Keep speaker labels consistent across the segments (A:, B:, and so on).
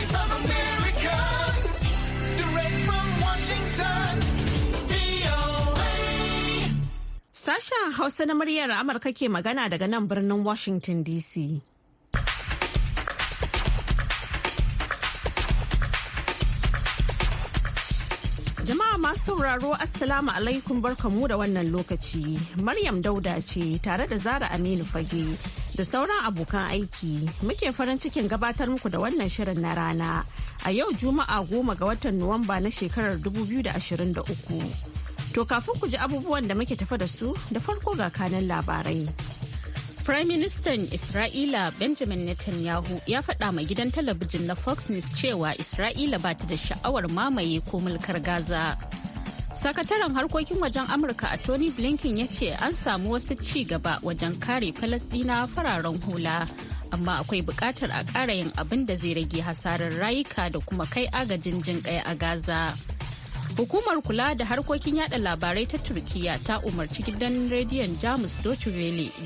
A: Voice
B: Sasha Hausa na muryar Amurka ke magana daga nan birnin Washington DC. Jama'a masu sauraro Assalamu alaikum barkamu da wannan lokaci. Maryam Dauda ce tare da Zara Aminu Fage da sauran abokan aiki muke farin cikin gabatar muku da wannan shirin na rana a yau juma'a goma ga watan nuwamba na shekarar 2023 to kafin ku ji abubuwan da muke tafa da su
C: da farko ga kanan labarai Prime Ministan Isra'ila Benjamin Netanyahu ya faɗa ma gidan talabijin na Fox News cewa Isra'ila ba ta da sha'awar mamaye ko mulkar Gaza. sakataren harkokin wajen amurka a tony blinken ya ce an samu wasu ci gaba wajen kare falasdina fararen hula amma akwai bukatar a ƙara yin abin da zai rage hasarar rayuka da kuma kai agajin jin a gaza hukumar kula da harkokin yada labarai ta turkiya ta umarci gidan rediyon jamus deutsche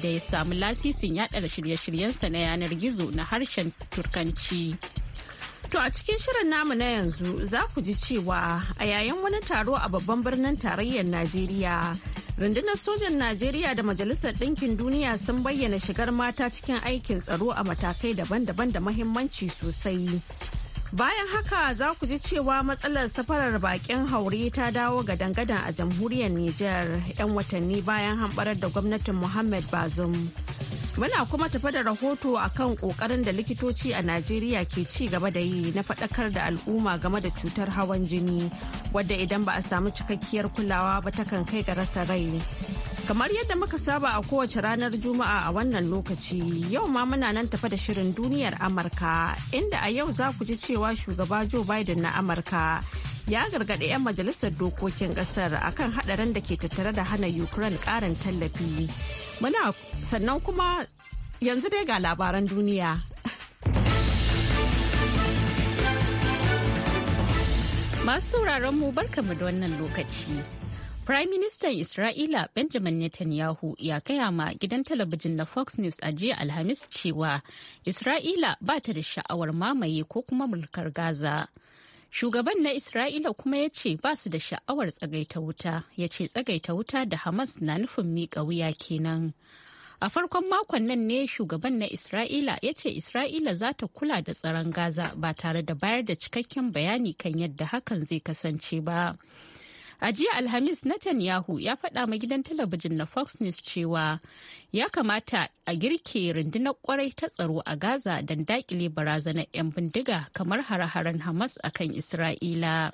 C: da ya samu lasisin yada shirye-shiryensa na yanar gizo na harshen turkanci To a cikin shirin namu na yanzu za ku ji
B: cewa a yayin wani taro a babban birnin tarayyar Najeriya. Rundunar sojan Najeriya da Majalisar Ɗinkin Duniya sun bayyana shigar mata cikin aikin tsaro a matakai daban-daban da mahimmanci sosai. Bayan haka za ku ji cewa matsalar safarar bakin haure ta dawo ga dangadan a jamhuriyar Nijar 'yan watanni bayan hamɓarar da gwamnatin Muhammad Bazoum. Muna kuma tafa da rahoto a kan ƙoƙarin da likitoci a Najeriya ke ci gaba da yi na faɗakar da al'umma game da cutar hawan jini, wadda idan ba a samu cikakkiyar kulawa ba ta kan kai ga rasa rai. Kamar yadda muka saba a kowace ranar Juma'a a wannan lokaci, yau ma muna nan tafa da shirin duniyar Amurka, inda a yau za ku ji cewa shugaba Joe Biden na Amurka ya gargaɗi 'yan majalisar dokokin ƙasar akan haɗarin da ke tattare da hana Ukraine ƙarin tallafi. Muna sannan kuma yanzu dai ga labaran duniya.
C: Masu sauraron mu barkamu da wannan lokaci. Prime Minister Isra'ila Benjamin Netanyahu ya kaya ma gidan talabijin na Fox News a jiya Alhamis cewa Isra'ila ba ta da sha'awar mamaye ko kuma mulkar Gaza. Shugaban na Isra'ila kuma ya ce ba su da sha'awar tsagaita wuta, ya ce tsagaita wuta da Hamas na nufin miƙa wuya kenan. A farkon makon nan ne shugaban na Isra'ila ya ce Isra'ila za ta kula da tsaron Gaza ba tare da bayar da cikakken bayani kan yadda hakan zai kasance ba. A jiya Alhamis Netanyahu ya faɗa ma gidan talabijin na Fox News cewa ya kamata a girke rundunar kwarai ta tsaro a Gaza don daƙile barazanar 'yan bindiga kamar hare-haren Hamas a kan Isra'ila.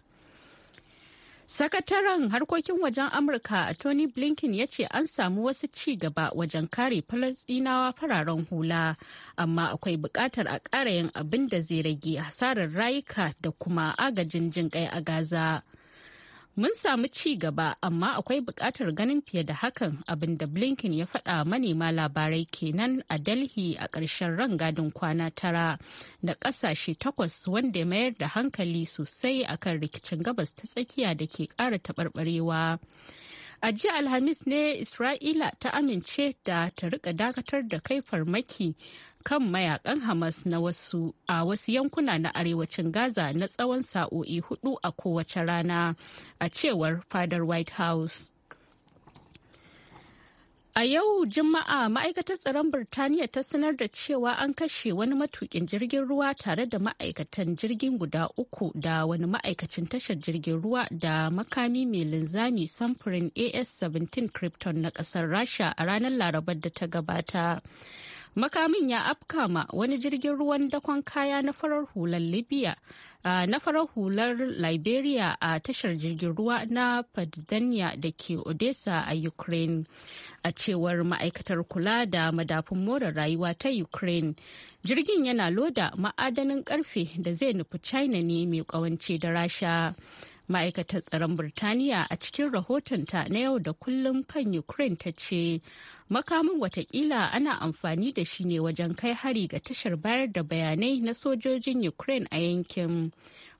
C: Sakataren harkokin wajen Amurka a Tony Blinken ya ce an samu wasu ci gaba wajen kare Falasɗinawa fararen hula, amma akwai buƙatar a ƙara yin abin da zai rage hasarar rayuka da kuma agajin jin a Gaza. mun samu ci gaba amma akwai buƙatar ganin fiye da hakan abin da blinken ya faɗa manema labarai kenan a delhi a ƙarshen gadin kwana tara da ƙasashe takwas wanda ya mayar da hankali sosai akan rikicin gabas ta tsakiya da ke ƙara taɓarɓarewa a jiya alhamis ne isra'ila ta amince da ta rika dakatar da kai farmaki kan mayakan Hamas na wasu a wasu yankuna na arewacin Gaza na tsawon sa'o'i hudu a kowace rana a cewar fadar White House. A yau Juma'a ma'aikatar tsaron Birtaniya ta sanar da cewa an kashe wani matukin jirgin ruwa tare da ma'aikatan jirgin guda uku da wani ma'aikacin tashar jirgin ruwa da makami mai linzami samfurin AS-17 Krypton na kasar Rasha a ranar Larabar da ta gabata. makamin ya afka ma wani jirgin ruwan dakon kaya na farar hular libya na farar hular liberia a tashar jirgin ruwa na padania da ke odessa a ukraine a cewar ma'aikatar kula da madafun more rayuwa ta ukraine jirgin yana loda ma'adanin karfe da zai nufi china ne mai kawance da rasha ma'aikatar tsaron burtaniya a cikin rahotonta na yau da kullum kan ukraine ta ce makamin watakila ana amfani da shi ne wajen kai hari ga tashar bayar da bayanai na sojojin ukraine a yankin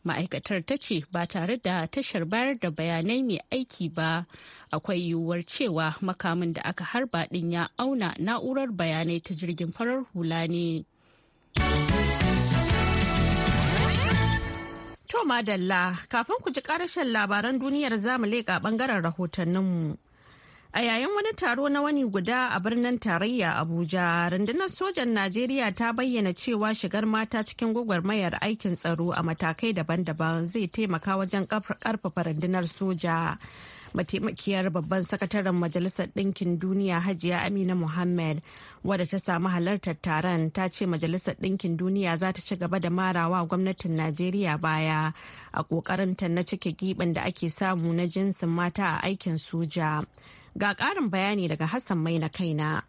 C: ma'aikatar ta ce ba tare da tashar bayar da bayanai mai aiki ba akwai yiwuwar cewa makamin da aka harba din ya auna na'urar bayanai ta jirgin farar hula ne. To madalla kafin ku
B: ji karashen labaran duniyar zamu leƙa bangaren rahotanninmu. A yayin wani taro na wani guda a birnin tarayya Abuja, rundunar sojan Najeriya ta bayyana cewa shigar mata cikin gwagwarmayar aikin tsaro a matakai daban-daban zai taimaka wajen ƙarfafa rundunar soja. mataimakiyar babban sakataren majalisar ɗinkin duniya hajiya amina muhammad wadda ta samu halartar taron ta ce majalisar ɗinkin duniya za ta ci gaba da marawa gwamnatin najeriya baya a ta na cike giɓin da ake samu na jinsin mata a aikin soja ga ƙarin bayani daga hassan mai na kaina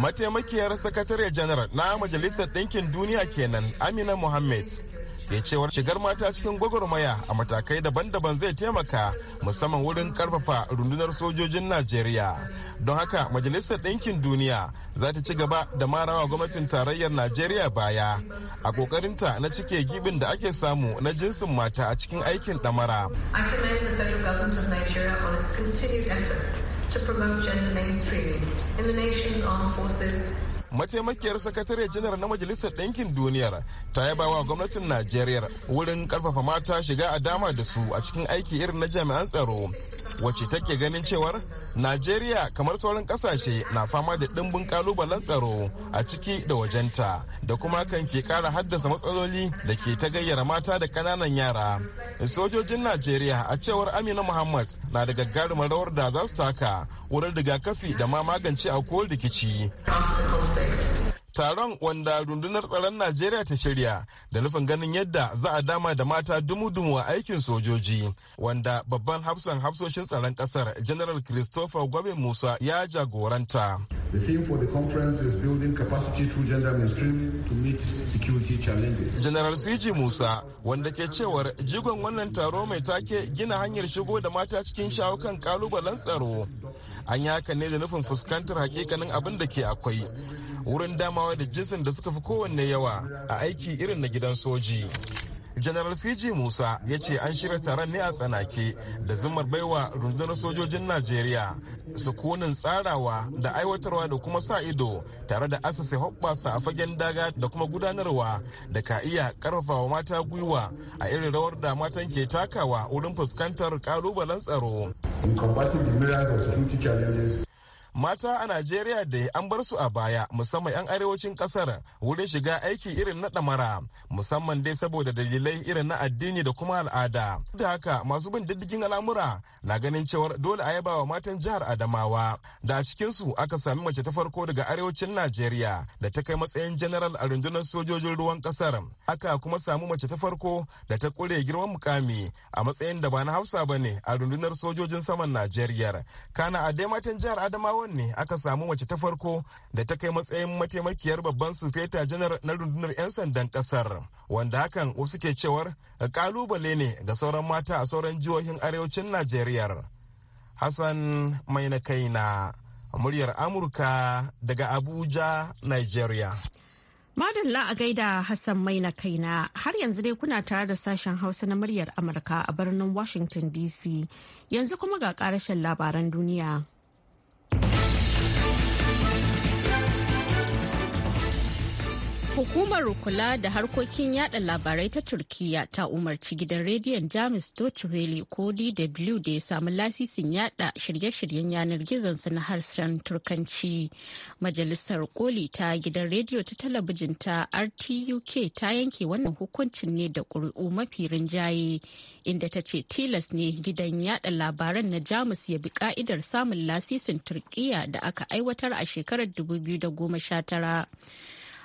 D: Mataimakiyar Sakatare Janar na Majalisar Ɗinkin Duniya kenan Amina Mohammed ya cewa shigar mata cikin gwagwarmaya a matakai daban-daban zai taimaka musamman wurin karfafa rundunar sojojin najeriya don haka majalisar ɗinkin duniya za ta ci gaba da marawa gwamnatin tarayyar najeriya baya a ƙoƙarinta na cike gibin da ake samu na jinsin mata a cikin aikin ɗamara
E: to promote gender mainstreaming in the nation's armed
D: mataimakiyar sakatare janar na majalisar ɗinkin duniyar ta yaba wa gwamnatin najeriya wurin karfafa mata shiga a dama da su a cikin aiki irin na jami'an tsaro wacce take ganin cewar Najeriya kamar sauran kasashe na fama da dimbin kalubalen tsaro a ciki da wajenta da kuma kan ke kara haddasa matsaloli da ke ta gayyara mata da kananan yara. Sojojin Najeriya a cewar Amina Muhammad na da gagarumin rawar da za su taka wurin rigakafi da ma magance a rikici. taron wanda rundunar tsaron najeriya ta shirya da nufin ganin yadda za a dama da mata dumu-dumu a aikin sojoji wanda babban hafsan hafsoshin tsaron kasar general christopher gwabe musa ya jagoranta general cg musa wanda ke cewar jigon wannan taro mai take gina hanyar shigo da mata cikin shawo kan kalubalen tsaro an yi haka ne da nufin fuskantar hakikanin abin da ke akwai wurin damawa da jinsin da suka fi kowanne yawa a aiki irin na gidan soji general cg musa ya ce an shirya taron ne a tsanake da zumar baiwa rundunar sojojin najeriya sukunin tsarawa da aiwatarwa da kuma sa ido tare da asasi hoɓɓasa a fagen daga da kuma gudanarwa da ka iya karfafa mata gwiwa a irin rawar da matan ke takawa wurin fuskantar kalubalen tsaro mata a najeriya da an bar su a baya musamman 'yan arewacin kasar wurin shiga aiki irin na ɗamara musamman dai saboda dalilai irin na addini da kuma al'ada da haka masu bin diddigin al'amura na ganin cewar dole a yaba wa matan jihar adamawa da a cikinsu aka sami mace ta farko daga arewacin najeriya da ta kai matsayin general a rundunar sojojin ruwan kasar aka kuma samu mace ta farko da ta kure girman mukami a matsayin da ba na hausa ba ne a rundunar sojojin saman najeriya kana a dai matan jihar adamawa yawan ne aka samu mace ta farko da ta kai matsayin mataimakiyar babban sufeta janar na rundunar 'yan sandan kasar wanda hakan wasu ke cewar kalubale ne ga sauran mata a sauran jihohin arewacin najeriya hassan mai na kaina muryar amurka daga abuja nigeria
B: Madalla a gaida Hassan mai na kaina har yanzu dai kuna tare da sashen Hausa na muryar Amurka a birnin Washington DC yanzu kuma
C: ga karashen labaran duniya. Hukumar kula da harkokin yada labarai ta turkiya ta umarci gidan rediyon Jamus Deutsche Welle ko DW da ya samu lasisin yada shirye-shiryen yanar gizonsa na harshen Turkanci. Majalisar koli ta gidan rediyo ta talabijin ta RTUK ta yanke wannan hukuncin ne da ƙuri'u mafi rinjaye inda ta ce tilas ne gidan yada labaran na Jamus ya bi ka'idar samun lasisin turkiya da aka aiwatar a shekarar 2019.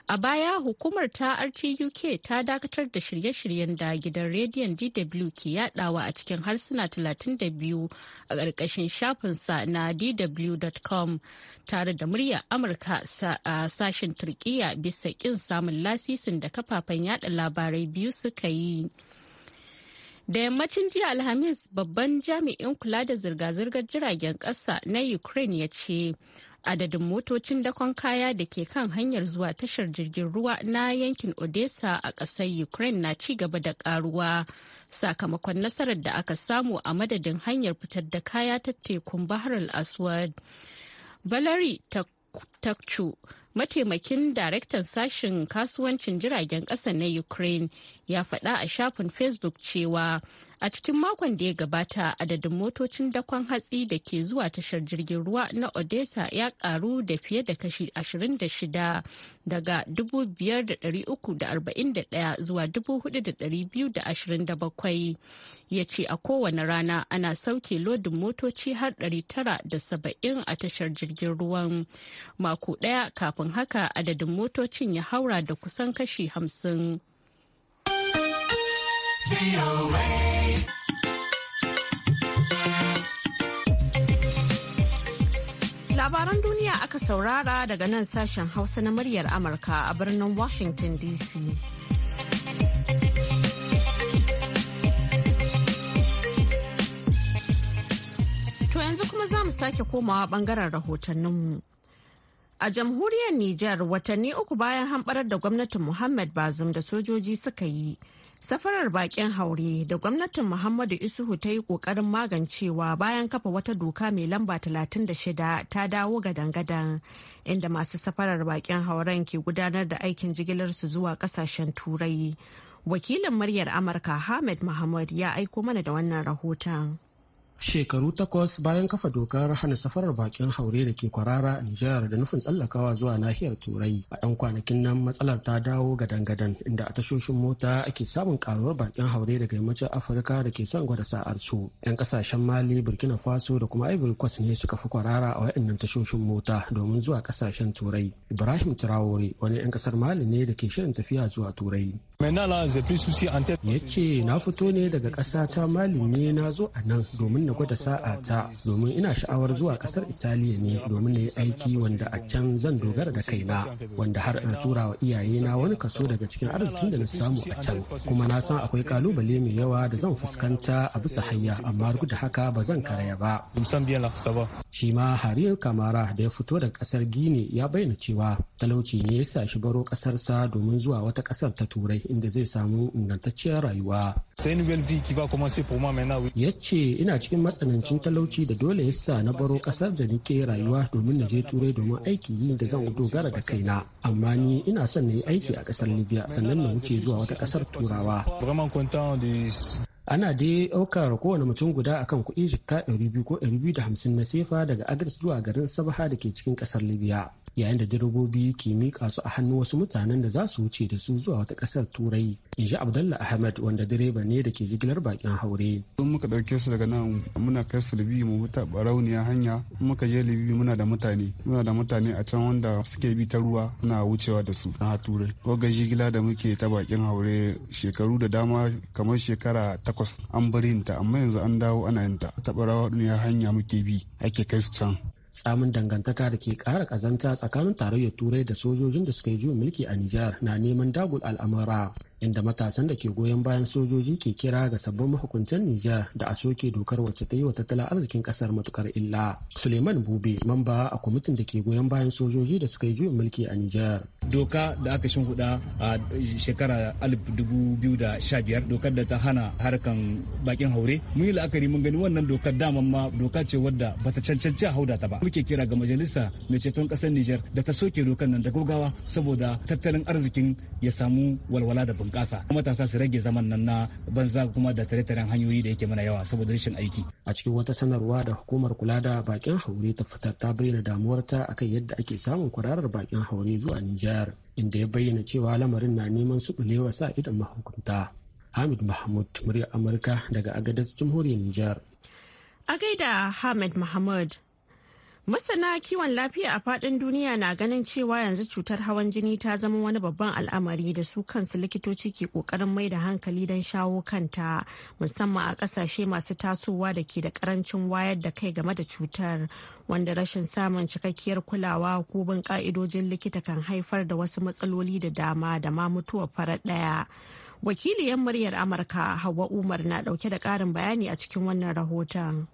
C: A baya hukumar ta RTUK ta dakatar da shirye-shiryen da gidan rediyon DW ke yadawa a cikin harsuna 32 a ƙarƙashin shafinsa na dw.com tare da murya Amurka a sashen Turkiyya bisa ƙin samun lasisin da kafafen yada labarai biyu suka yi. Da yammacin jiya Alhamis babban jami'in kula da zirga-zirgar jiragen ƙasa na Ukraine ya ce adadin motocin dakon kaya da ke kan hanyar zuwa tashar jirgin ruwa na yankin odessa a ƙasar ukraine na ci gaba da karuwa sakamakon nasarar da aka samu a madadin hanyar fitar da kaya ta tekun bahar al-aswad valerie takchu mataimakin daraktan sashen kasuwancin jiragen ƙasa na ukraine ya faɗa a shafin facebook cewa a cikin makon da ya gabata adadin motocin dakon hatsi da ke zuwa tashar jirgin ruwa na odessa ya karu da fiye da kashi 26 daga 5,341 zuwa 4,227 ya ce a kowane rana ana sauke lodin motoci har 970 a tashar jirgin ruwan mako daya kafin haka adadin motocin ya haura da kusan kashi 50
B: Labaran duniya aka saurara daga nan sashen Hausa na muryar Amurka a birnin Washington DC. To yanzu kuma za mu sake komawa bangaren rahotanninmu. A jamhuriyar Nijar watanni uku bayan hamɓarar da gwamnatin Muhammad Bazum da sojoji suka yi, safarar bakin haure da gwamnatin muhammadu isuhu ta yi kokarin magancewa bayan kafa wata doka mai lamba 36 ta dawo ga dangadan inda masu safarar bakin hauren ke gudanar da aikin jigilarsu zuwa kasashen turai wakilin muryar amurka hamid muhammad ya aiko mana da wannan rahoton
F: shekaru takwas bayan kafa dokar hana safarar bakin haure da ke kwarara a Nijar da nufin tsallakawa zuwa nahiyar Turai. A 'yan kwanakin nan matsalar ta dawo gadan-gadan inda a tashoshin mota ake samun karuwar bakin haure daga yammacin Afirka da ke son gwada sa'ar su. 'Yan kasashen Mali, Burkina Faso da kuma Ivory Coast ne suka fi kwarara a waɗannan tashoshin mota domin zuwa kasashen Turai. Ibrahim Traore wani 'yan kasar Mali ne da ke shirin tafiya zuwa Turai. Ya ce na fito ne daga ƙasa ta Mali ne na zo a nan domin na gwada sa'a ta domin ina sha'awar zuwa kasar Italiya ne domin na yi aiki wanda a can zan dogara da kaina wanda har na tura wa iyayena wani kaso daga cikin arzikin da na samu a can kuma na san akwai kalubale mai yawa da zan fuskanta a bisa hanya amma duk da haka ba zan karaya ba. shi ma harir kamara da ya fito daga kasar gini ya bayyana cewa talauci ne ya sa shi baro kasarsa domin zuwa wata kasar ta turai inda zai samu ingantacciyar rayuwa ya ce ina cikin matsanancin talauci da dole ya sa na baro kasar da nike rayuwa domin na je turai domin aiki yi da zan dogara da kaina amma ni ina son na yi aiki a kasar libya sannan na wuce zuwa wata kasar turawa ana dai ɗaukar kowane mutum guda akan kuɗi jikka 200 ko 250 na sefa daga agris zuwa garin sabaha da ke cikin ƙasar libya yayin da direbobi ke miƙa su a hannu wasu mutanen da za su wuce da su zuwa wata ƙasar turai in ji abdallah ahmed wanda direba ne da ke jigilar bakin haure. don muka ɗauke su daga nan muna kai su libi mu
D: huta barauniya hanya muka je libi muna da mutane muna da mutane a can wanda suke bi ta ruwa muna wucewa da su na turai wagga jigila da muke ta bakin haure shekaru da dama kamar shekara takwas an bari ta amma yanzu an dawo ana yin ta ta barauniya hanya
F: muke bi ake kai su can tsamin dangantaka da ke kara kazanta tsakanin tarayyar turai da sojojin da suka yi juyin mulki a nijar na neman dagul al'amura inda matasan da ke goyon bayan sojoji ke kira ga sabbin mahukuntan Nijar da a soke dokar wacce ta yi wa tattalin arzikin kasar matukar illa. Suleiman Bube mamba a kwamitin da ke goyon bayan sojoji da suka yi juyin mulki a Nijar. Doka da aka shimfiɗa a shekara
D: biyar dokar da ta hana harkan bakin haure. Mun yi la'akari mun gani wannan dokar daman ma doka ce wadda bata cancanci a hauda ta ba. Muke kira ga majalisa mai ceton kasar Nijar da ta soke dokar nan da gaugawa saboda tattalin arzikin ya samu walwala da bunƙasa matasa su rage zaman nan na banza kuma da tare-taren hanyoyi da yake mana yawa saboda
F: rashin aiki a cikin wata sanarwa da hukumar kula da bakin haure ta fitar ta bayyana damuwarta akan yadda ake samun kwararar bakin haure zuwa Nijar inda ya bayyana cewa lamarin na neman su sukulewa sa idan mahukunta Hamid Mahmud murya Amurka daga Agadez Jamhuriyar Nijar
B: a gaida Hamid Mahmud Masana kiwon lafiya a faɗin duniya na ganin cewa yanzu cutar hawan jini ta zama wani babban al'amari da su kansu likitoci ke ƙoƙarin mai da hankali don shawo kanta musamman a ƙasashe masu tasowa da ke da ƙarancin wayar da kai game da cutar wanda rashin samun cikakkiyar kulawa ko bin ƙa'idojin likita kan haifar da wasu matsaloli da dama da ma mutuwar farar ɗaya. Wakiliyan muryar Amurka Hauwa Umar na ɗauke da ƙarin bayani a cikin wannan rahoton.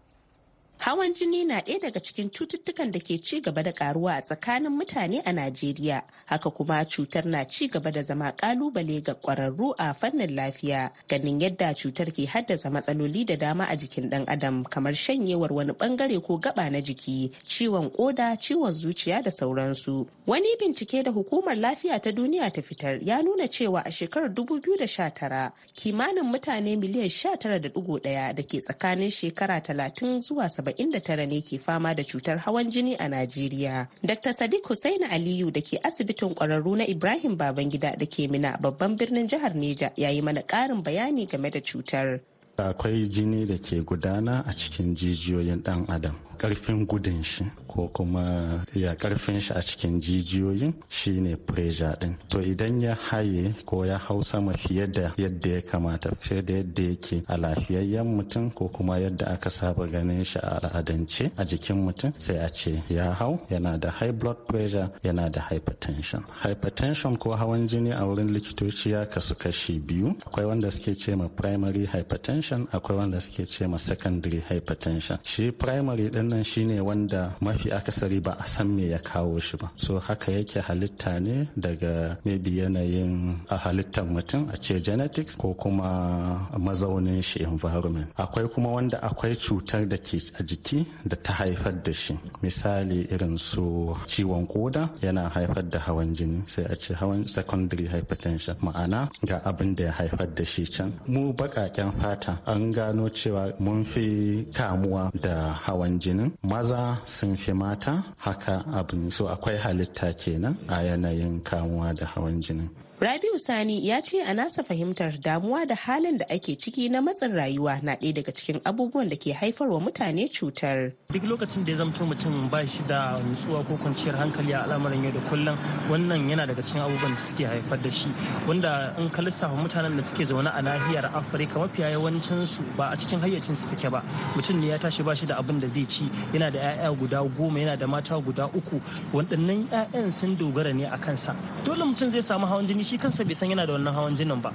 B: Hawan jini na ɗaya daga cikin cututtukan da ke ci gaba da karuwa a tsakanin mutane a Najeriya.
E: Haka kuma cutar na ci gaba da zama kalubale ga ƙwararru a fannin lafiya. Ganin yadda cutar ke haddasa matsaloli da dama a jikin ɗan adam kamar shanyewar wani bangare ko gaba na jiki, ciwon ƙoda, ciwon zuciya da sauransu. Wani bincike da hukumar lafiya ta duniya ta fitar ya nuna cewa a shekarar 2019 kimanin mutane miliyan 19.1 da ke tsakanin shekara talatin zuwa da tara ne ke fama da cutar hawan jini a Najeriya. Dr. Sadiq Hussain Aliyu da ke asibitin kwararru na Ibrahim Babangida da ke Mina babban birnin jihar Neja ya yi mana ƙarin bayani game da cutar.
G: Akwai jini da ke gudana a cikin jijiyoyin ɗan adam. karfin gudun shi ko kuma ya karfin shi a cikin jijiyoyin shi ne pressure din to idan ya haye ko ya hau sama fiye da yadda ya kamata fiye da yadda yake a lafiyayyen mutum ko kuma yadda aka saba ganin shi a al'adance a jikin mutum sai a ce ya hau yana da high blood pressure yana da hypertension hypertension ko hawan jini a wurin likitoci ya kasu kashi biyu akwai wanda suke ce ma primary hypertension akwai wanda suke ce ma secondary hypertension shi primary din wannan shine wanda mafi akasari ba a san me ya kawo shi ba so haka yake halitta ne daga maybe yanayin a halittar mutum a ce genetics ko kuma mazaunin shi environment akwai kuma wanda akwai cutar da ke a jiki da ta haifar da shi misali irin su ciwon koda yana haifar da hawan jini sai a ce hawan secondary hypertension ma'ana ga abin da ya haifar da shi can mu baƙaƙen fata an gano cewa mun fi kamuwa da hawan jini kenan maza sun fi mata haka abin so akwai halitta kenan a yanayin kamuwa da hawan jinin
E: Rabiu Sani ya ce a nasa fahimtar damuwa da halin da ake ciki na matsin rayuwa na ɗaya daga cikin abubuwan da ke haifarwa mutane cutar.
F: Duk lokacin da ya zamto mutum ba shi da nutsuwa ko kwanciyar hankali a al'amarin yau da kullum wannan yana daga cikin abubuwan da suke haifar da shi wanda in ka lissafa mutanen da suke zaune a nahiyar Afirka mafiya yawancin su ba a cikin hayyacin su suke ba mutum ne ya tashi ba shi da abin da zai ci yana da 'ya'ya guda goma yana da mata guda uku waɗannan 'ya'yan sun dogara ne a kansa dole mutum zai samu hawan jini shi kansa bai san yana da wannan hawan jinin ba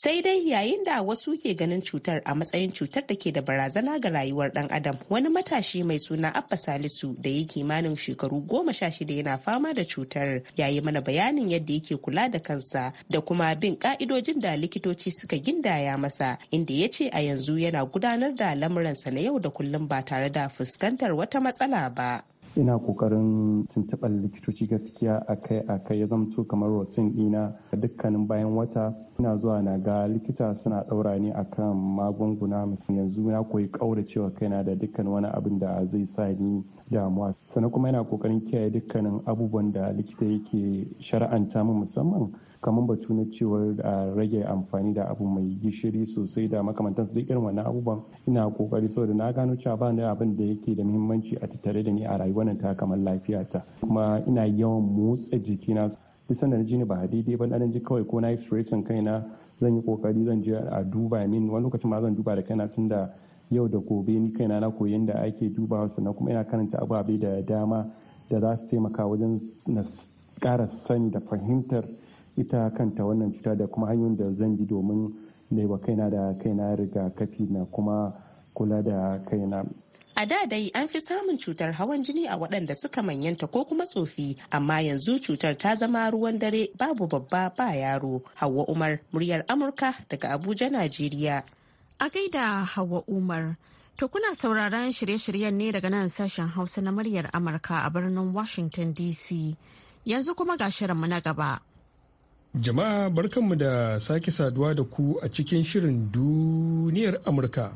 E: sai dai yayin da wasu ke ganin cutar a matsayin cutar da ke da barazana ga rayuwar dan adam wani matashi mai suna abba salisu da ya kimanin shekaru goma sha shida yana fama da cutar yayi mana bayanin yadda yake kula da kansa da kuma bin ka'idojin da likitoci suka gindaya masa inda ya ce a yanzu yana gudanar da lamuransa na yau da kullum ba tare da fuskantar wata matsala ba
A: ina kokarin tuntuɓar likitoci gaskiya akai akai ya zamto kamar rotin ɗina dukkanin bayan wata ina zuwa na ga likita suna ɗaura ni akan magunguna yanzu na koyi kai na da dukkan wani abin da zai sa ni damuwa sannan kuma yana kokarin kiyaye dukkanin abubuwan da likita yake shara'anta min musamman kamar batu na cewa a rage amfani da abu mai gishiri sosai da makamantan su irin wannan abubuwan ina kokari saboda na gano cewa ba ni abin da yake da muhimmanci a tattare da ni a rayuwa gwanin ta kamar ta kuma ina yawan motsa jiki duk sanda na ji ni ba daidai ba na ji kawai ko na yi stressin kaina zan yi kokari zan je a duba min wani lokacin ma zan duba da kaina tunda yau da gobe ni kaina na koyi yadda ake dubawa sannan kuma ina karanta ababe da dama da za su taimaka wajen na kara sani da fahimtar ita kanta wannan cuta da kuma hanyoyin da zan bi domin yi wa kaina da kaina rigakafi na kuma kula da kaina
B: A da dai
E: an fi samun cutar hawan jini a waɗanda suka manyanta ko kuma tsofi, amma yanzu cutar ta zama ruwan dare babu babba ba yaro. Hauwa Umar, muryar Amurka daga Abuja,
B: Najeriya. A gaida Hauwa Umar, to kuna sauraron shirye-shiryen ne daga nan sashen Hausa na muryar Amurka a birnin Washington DC. Yanzu kuma ga shirinmu na gaba.
H: Jama'a barkanmu da sake saduwa da ku a cikin shirin duniyar Amurka.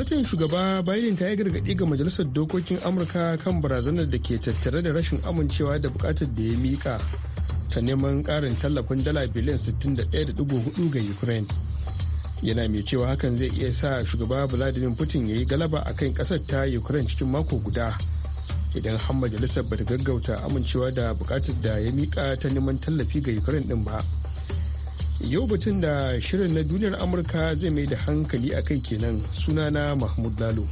H: gwamnatin shugaba biden ta yi gargaɗi ga majalisar dokokin amurka kan barazanar da ke tattare da rashin amincewa da bukatar da ya mika ta neman karin tallafin dala biliyan 61.4 ga ukraine yana mai cewa hakan zai iya sa shugaba vladimir putin ya yi galaba a kan kasar ta ukraine cikin mako guda idan har majalisar bata gaggauta amincewa da bukatar da ya mika ta neman tallafi ga ukraine din ba. yau batun da shirin na duniyar amurka zai mai da hankali a kai kenan na mahmud lalo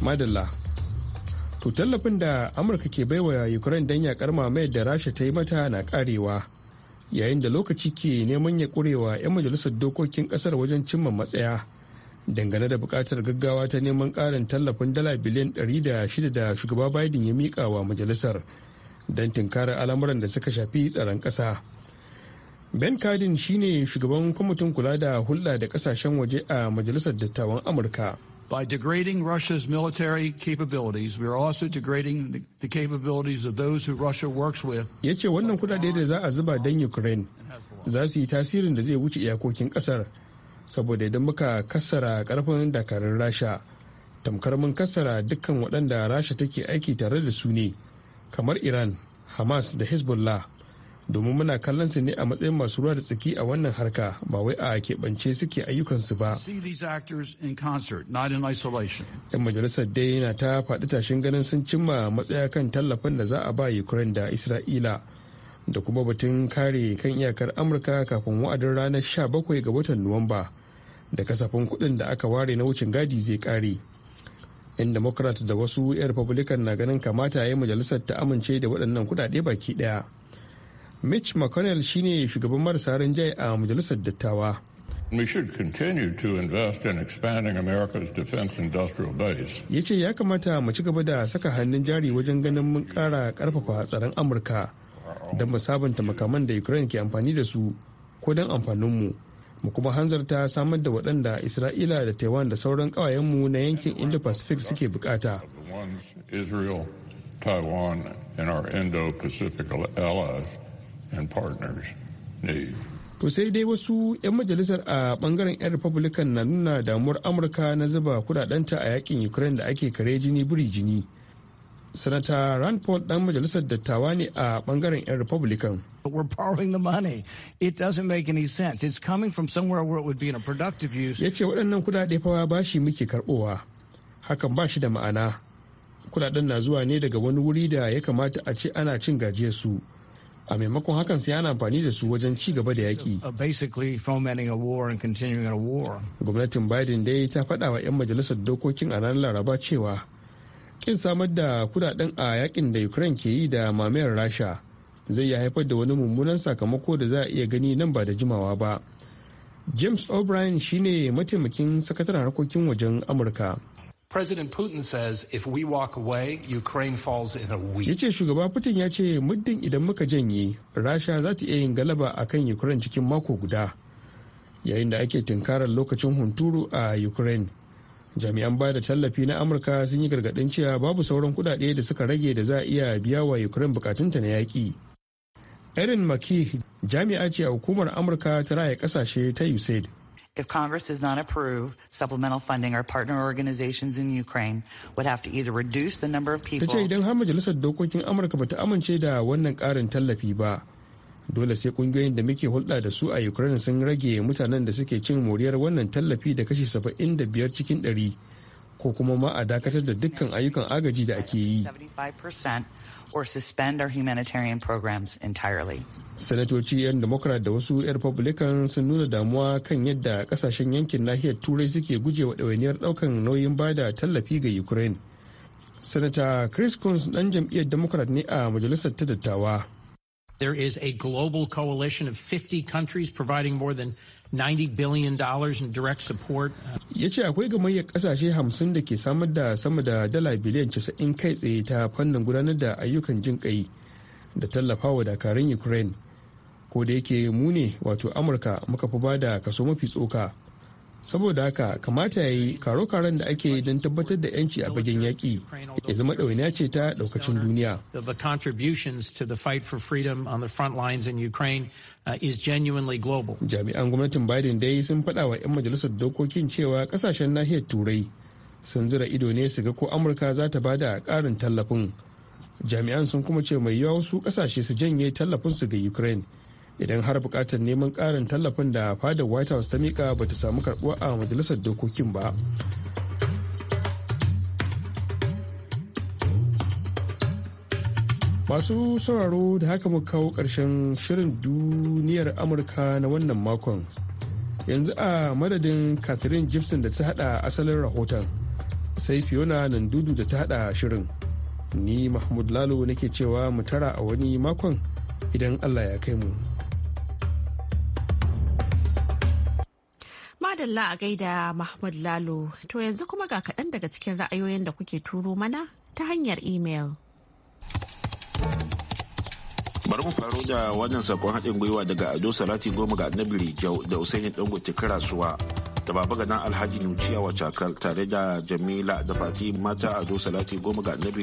H: madalla to tallafin da amurka ke baiwa ukraine don yakar mamayar da rasha ta yi mata na karewa yayin da lokaci ke neman ya kurewa 'yan majalisar dokokin kasar wajen cimma matsaya dangane da bukatar gaggawa ta neman karin tallafin dala biliyan 106 da shugaba biden ya mika wa majalisar don tinkarar al'amuran da suka shafi tsaron kasa ben cardin shine shugaban kwamitin kula da hulɗa da kasashen waje a majalisar dattawan amurka
A: By degrading Russia's military capabilities, we are also degrading the
H: capabilities of those who Russia works with. Ya ce wannan kudade da za a zuba dan Ukraine za su yi tasirin da zai wuce iyakokin kasar saboda idan muka kasara karfin dakarun rasha tamkar mun kassara dukkan waɗanda rasha take aiki tare da su ne kamar iran hamas da hezbollah domin muna kallon su ne a matsayin masu ruwa da tsaki a wannan harka ba wai a keɓance suke ayyukansu ba yan majalisar dai na ta faɗi tashin ganin sun cimma matsaya kan tallafin da za a ba ukraine da isra'ila da kuma batun kare kan iyakar amurka kafin wa'adin ranar 17 ga watan nuwamba da kasafin kuɗin da aka ware na wucin gadi zai kare 'Yan Democrats da wasu 'yan Republican na ganin kamata ya yi majalisar ta amince da waɗannan kuɗaɗe baki ɗaya. Mitch McConnell shine shugaban marasa
A: rinjaye a majalisar dattawa. We should continue to invest in expanding America's industrial
H: Ya ce ya kamata mu ci gaba da saka hannun jari wajen ganin mun ƙara ƙarfafa tsaron Amurka don mu sabunta makaman da Ukraine ke amfani da su ko don amfaninmu. mu kuma hanzarta samar da waɗanda isra'ila da taiwan da sauran ƙawayenmu na yankin indo-pacific suke bukata to sai dai wasu 'yan majalisar a bangaren 'yan republican na nuna damuwar amurka na zuba kudadenta a yakin ukraine da ake kare jini buri jini sanata rand paul dan majalisar dattawa ne a bangaren 'yan republican
B: but we're borrowing the money. It doesn't make any sense. It's coming from somewhere where it would be in a productive use. Ya
H: ce waɗannan kuɗaɗe fa bashi muke karɓowa, hakan ba shi da ma'ana. Kuɗaɗen na zuwa ne daga wani wuri da ya kamata a ce ana cin gajiyar su. a maimakon hakan sai ana amfani da su wajen ci gaba da yaƙi. Uh, Gwamnatin Biden dai ta faɗa wa 'yan majalisar dokokin a ranar Laraba cewa kin samar da kudaden a yakin da Ukraine ke yi da mamayar Rasha zai iya haifar da wani mummunan sakamako da za a iya gani nan ba da jimawa ba james o'brien shine mataimakin sakataren harkokin wajen amurka
A: President Putin says if we walk away, Ukraine falls in a week. Yace
H: shugaba Putin ya ce muddin idan muka janye, Rasha za ta iya yin galaba a kan Ukraine cikin mako guda. Yayin da ake tunkarar lokacin hunturu a Ukraine. Jami'an ba da tallafi na Amurka sun yi gargaɗin cewa babu sauran kuɗaɗe da suka rage da za a iya biya wa Ukraine bukatunta na yaƙi. erin mckee jami'a ce a hukumar amurka ta raya kasashe ta usaid
G: If Congress does not approve supplemental funding, our partner organizations in Ukraine would have to either reduce the number of people. Ta idan
H: har majalisar dokokin Amurka bata amince da wannan karin tallafi ba, dole sai kungiyoyin da muke hulɗa da su a Ukraine sun rage mutanen da suke cin moriyar wannan tallafi da kashi saba'in da biyar cikin ɗari ko kuma ma a dakatar da dukkan ayyukan agaji da ake yi.
G: or suspend our humanitarian programs entirely.
H: Sanatoci 'yan Democrat da wasu 'yan Republican sun nuna damuwa kan yadda kasashen yankin nahiyar Turai suke gujewa ɗawainiyar ɗaukan nauyin bada tallafi ga Ukraine. Sanata Chris Coons ɗan jam'iyyar Democrat ne a majalisar ta dattawa.
A: There is a global coalition of 50 countries providing more than $90 billion in direct support. Ya ce akwai gamayyar
H: kasashe hamsin da ke samar da sama da dala biliyan casa'in kai tsaye ta fannin gudanar da ayyukan jin kai da tallafawa dakarun Ukraine. Ko da yake mu ne wato Amurka muka fi bada kaso mafi tsoka saboda haka kamata ya yi karo-karon da ake yi don tabbatar da 'yanci a bagen yaƙi ya zama ɗawainiya ce ta ɗaukacin duniya. Jami'an gwamnatin Biden dai sun faɗa wa 'yan majalisar dokokin cewa ƙasashen nahiyar Turai sun zira ido ne su ga ko Amurka za ta ba da ƙarin tallafin. Jami'an sun kuma ce mai yawa wasu ƙasashe su janye tallafin su ga Ukraine idan har bukatar neman karin tallafin da fadar white house ta mika bata samu karbuwa a majalisar dokokin ba masu sauraro da haka mu kawo karshen shirin duniyar amurka na wannan makon yanzu a madadin catherine gibson da ta hada asalin rahoton sai fiona nan dudu da ta hada shirin ni mahmud lalo nake cewa mu tara a wani makon idan allah ya kai mu.
B: madalla a gaida Mahmud Lalo, to yanzu kuma ga kaɗan daga cikin ra'ayoyin da kuke turo mana ta hanyar imel.
I: bari mu faro da wannan sakon haɗin gwiwa daga ado salati goma ga annabi rijau da usaini dangote karasuwa da baba gana alhaji nuciya wa cakal tare da jamila da fati mata ado salati goma ga annabi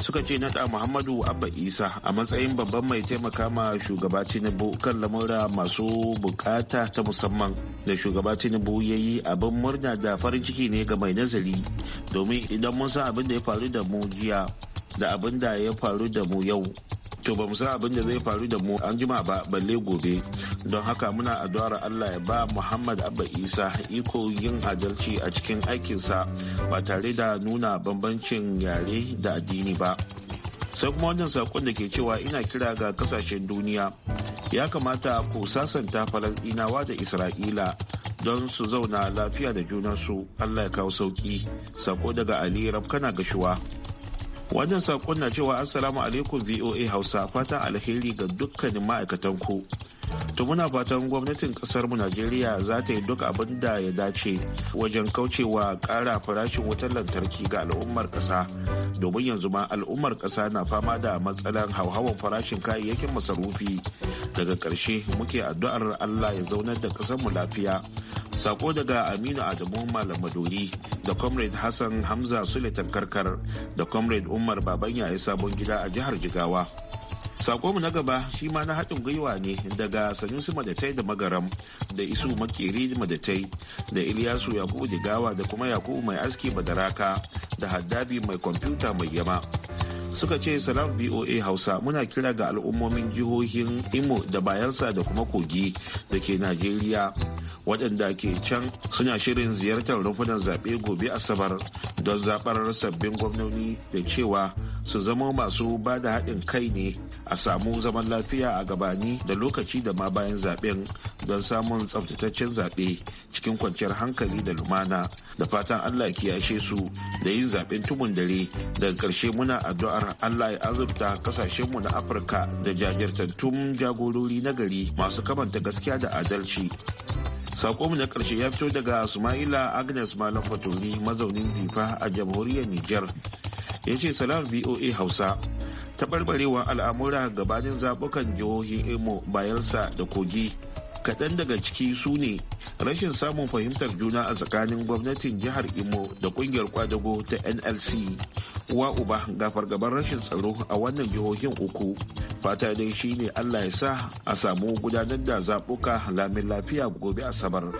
I: suka ce nasa muhammadu abba isa a matsayin babban mai taimaka ma shugaba tinubu kan lamura masu bukata ta musamman da shugaba tinubu ya yi abin murna da farin ciki ne ga mai nazari domin idan mun san abin da ya faru da mu jiya da abin da ya faru da mu yau to ba mu san abin da zai faru da mu an jima ba balle gobe don haka muna addu'ar Allah ya ba Muhammad Abba Isa iko yin adalci a cikin aikinsa ba tare da nuna bambancin yare da addini ba sai kuma wannan sakon da ke cewa ina kira ga kasashen duniya ya kamata ku sasanta falasɗinawa da isra'ila don su zauna lafiya da junansu allah ya kawo sauki sako daga ali rafkana gashuwa Wannan saƙon na cewa Assalamu alaikum VOA Hausa fata alheri ga dukkanin ma'aikatan ku to muna fatan gwamnatin kasarmu najeriya za ta yi duk abin da ya dace wajen kaucewa kara farashin wutar lantarki ga al'ummar kasa domin yanzu ma al'ummar kasa na fama da matsalar hauhawar farashin kayayyakin masarufi daga ƙarshe muke addu'ar allah ya zaunar da mu lafiya sako daga aminu adamu malam maduri da comrade hassan hamza sule karkar da comrade umar baban yi sabon gida a jihar jigawa mu na gaba shi ma na haɗin gwiwa ne daga sanusi madatai da magaram da isu makeri madatai da iliyasu yakubu digawa da kuma yakubu mai aski badaraka da haddabi mai kwamfuta mai yama suka ce salam boa hausa muna kira ga al'ummomin jihohin imo da bayelsa da kuma kogi da ke najeriya waɗanda ke can suna shirin ziyartar rumfunan zaɓe gobe asabar don zaɓar sabbin gwamnoni da cewa su zama masu ba da haɗin kai ne a samu zaman lafiya a gabani da lokaci da ma bayan zaben don samun tsaftataccen zaɓe cikin kwanciyar hankali da lumana da fatan allah kiyashe su da yin zaben tumun dare daga ƙarshe muna addu'ar allah ya azurta kasashenmu na afirka da jajirtattun jagorori na gari masu kamanta gaskiya da adalci mu na karshe ya fito daga sumaila agnes malam fatoni mazaunin difa a jamhuriyar niger ya ce salam voa hausa taɓarɓarewar al'amura gabanin zaɓukan jihohin imo bayelsa da kogi kaɗan daga ciki su ne rashin samun fahimtar juna a tsakanin gwamnatin jihar imo da ƙungiyar kwadago ta nlc uwa uba ga fargabar rashin tsaro a wannan jihohin uku fata dai shine allah ya sa a samu gudanar da zaɓuka lamin lafiya gobe asabar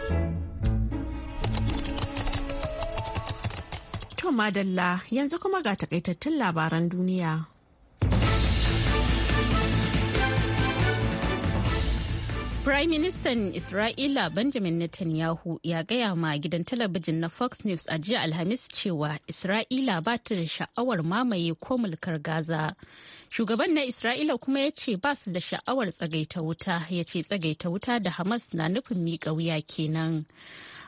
B: to madalla yanzu kuma ga takaitattun labaran duniya
C: Prime Ministan Isra'ila Benjamin Netanyahu ya gaya ma gidan talabijin na Fox News a jiya Alhamis cewa Isra'ila ba ta da sha'awar mamaye ko mulkar Gaza. Shugaban na Isra'ila kuma ya ce ba su da sha'awar tsagaita wuta ya ce tsagaita wuta da Hamas na nufin miƙa wuya kenan.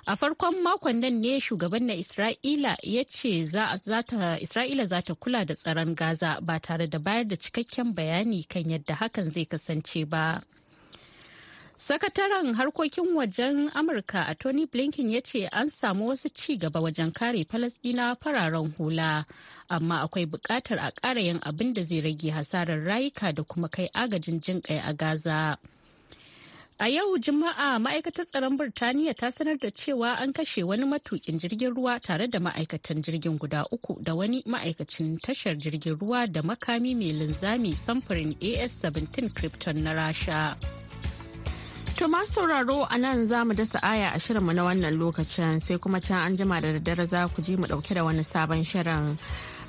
C: A farkon makon nan ne shugaban na Isra'ila ya ce Isra'ila za ta kula da tsaron Gaza ba tare da bayar da cikakken bayani kan yadda hakan zai kasance ba. Sakataren harkokin wajen Amurka a Tony Blinken ya ce an samu wasu ci gaba wajen kare Falasɗina fararen hula, amma akwai buƙatar a ƙara yin abin da zai rage hasarar rayuka da kuma kai agajin jinƙai a Gaza. A yau Juma'a ma'aikatar tsaron Birtaniya ta sanar da cewa an kashe wani matukin jirgin ruwa tare da ma'aikatan jirgin guda uku da wani ma'aikacin tashar jirgin ruwa da makami mai linzami samfurin AS-17 Krypton na Rasha. To
B: masu sauraro a nan za mu dasa aya a shirinmu na wannan lokacin sai kuma can an jima da daddare za ku ji mu dauke da wani sabon shirin.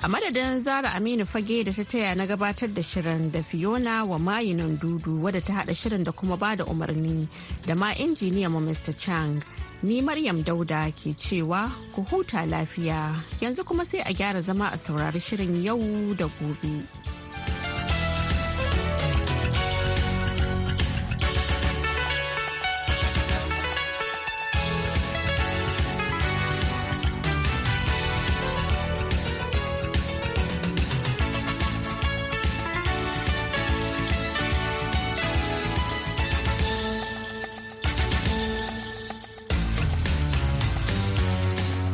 B: A madadin Zara Aminu Fage da ta taya na gabatar da shirin da Fiona wa mayinan dudu wadda ta hada shirin da kuma ba da umarni da ma injiniya mu Mr. Chang. Ni Maryam Dauda ke cewa ku huta lafiya yanzu kuma sai a gyara zama a saurari shirin yau da gobe.